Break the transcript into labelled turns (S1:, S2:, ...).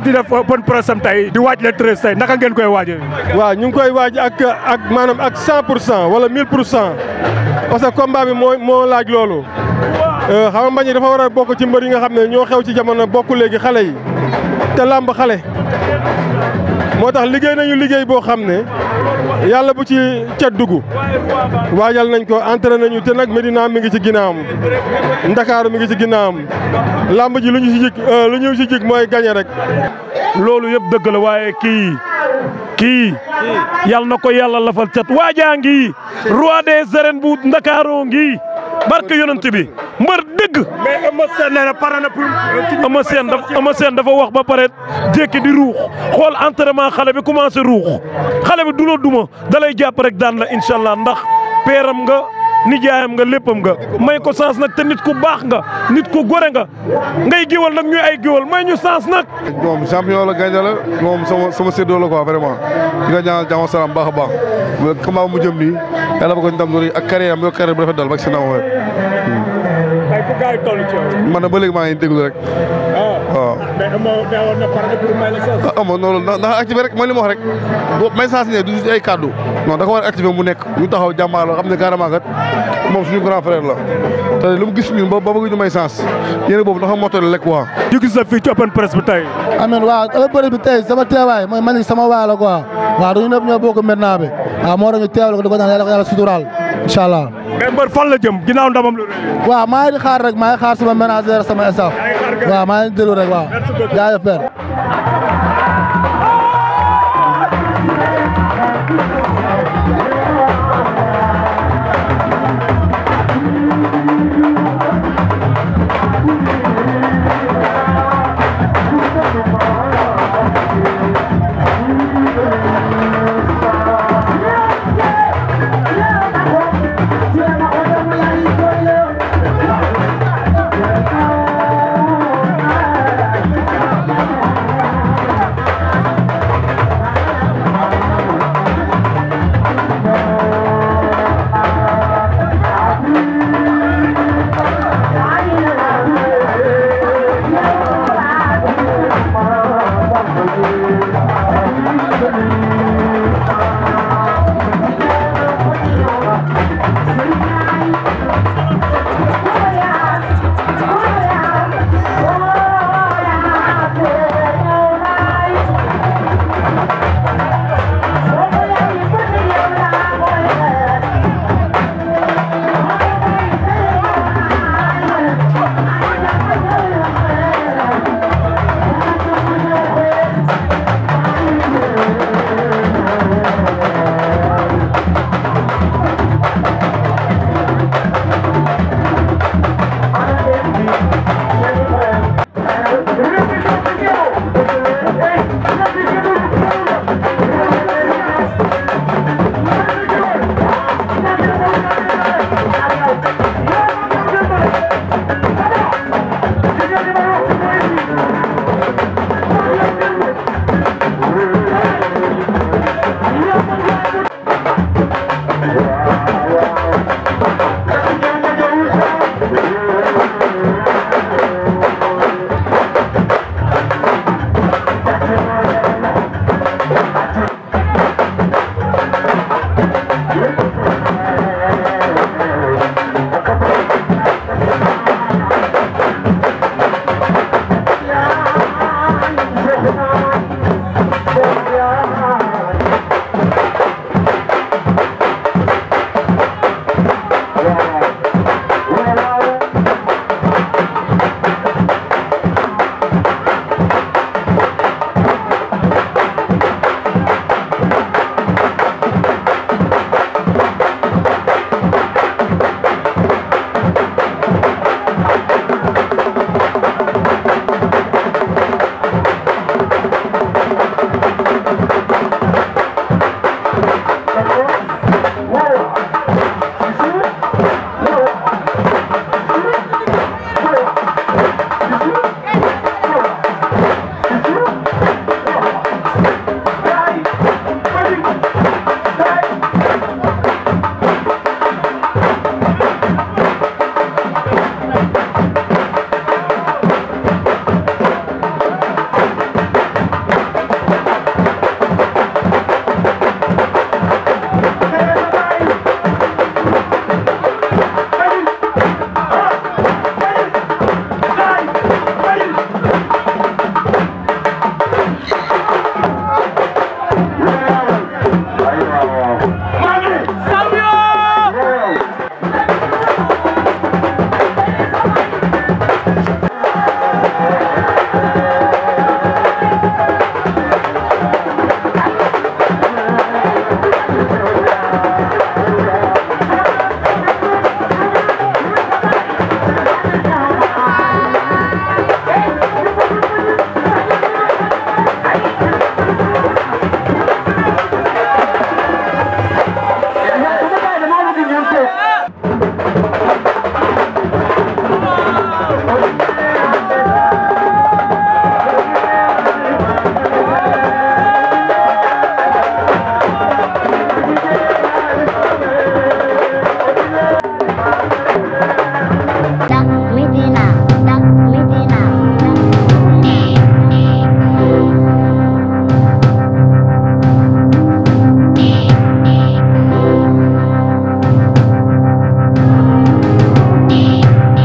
S1: dig di def open press
S2: am tey di waaj le treize tey naka ngeen koy waajee. waaw ñu ngi koy waaj ak ak maanaam ak cent pour cent wala mille pour cent parce que combat bi moo moo laaj loolu. Euh, xam nga mbañ dafa war a bokk ci mbër yi nga xam ne ñoo xew ci jamono bokk léegi xale yi te làmb xale moo tax liggéey nañu liggéey boo xam ne. yàlla bu ci cat dugg waajal nañ ko entraîné nañu te nag Medina mi ngi ci ginnaawam Ndakaaru mi ngi ci
S1: ginnaawam làmb ji lu ñu si jik euh, lu ñu si jik mooy gañe rek. loolu yëpp dëgg la waaye kii kii yàlla na ko yàlla lafal cat waajaa ngi roi des arènes Ndakaaroo ngi. barke yonent bi mbër dëgg. mais Eumeu Sène nee na pare na pour. Eumeu Sène dafa Eumeu dafa wax ba pare jékki di ruux xool entraînement xale bi commencé ruux xale bi du la duma dalay jàpp rek daan la incha allah ndax peeram nga. nijaayam nga léppam nga may ko sens nag te nit ku baax nga nit ku gore nga ngay géwal nag ñuy ay géwal may ñu sens nag.
S3: moom champion la gaynde la moom sama sama séddoo la quoi vraiment di nga ñaanal jàmm salaam baax baax comment mu jëm nii a ba ko ndam doon ak carrière am yoo carrière bu rafet daal ba ci si nawet. man ba léegi maa ngi déglu rek. waaw.
S1: mais amoo na parler pour may la chance. ah amoon
S3: ma wax rek boo message ne du si ay kàddu. non da ko war a mu nekk ñu taxaw jàmmaarloo xam ne carrément kat moom suñu grand frère la te lu mu gis ñun ba ba bëgg ñu may chance yéen boobu dafa mottali rek quoi. ñu gis la fii ci open press bi tey. amiin sama teewaay mooy man sama waay la quoi waaw du ñu ñëpp ñoo bokk maintenant bi waaw moo tax teewal ko di ñaan yàlla ko yàlla allah. mais fan la jëm ginnaaw rek maa ngi xaar sama manager waaw maa ngi déglu rek waaw jaajëf
S4: père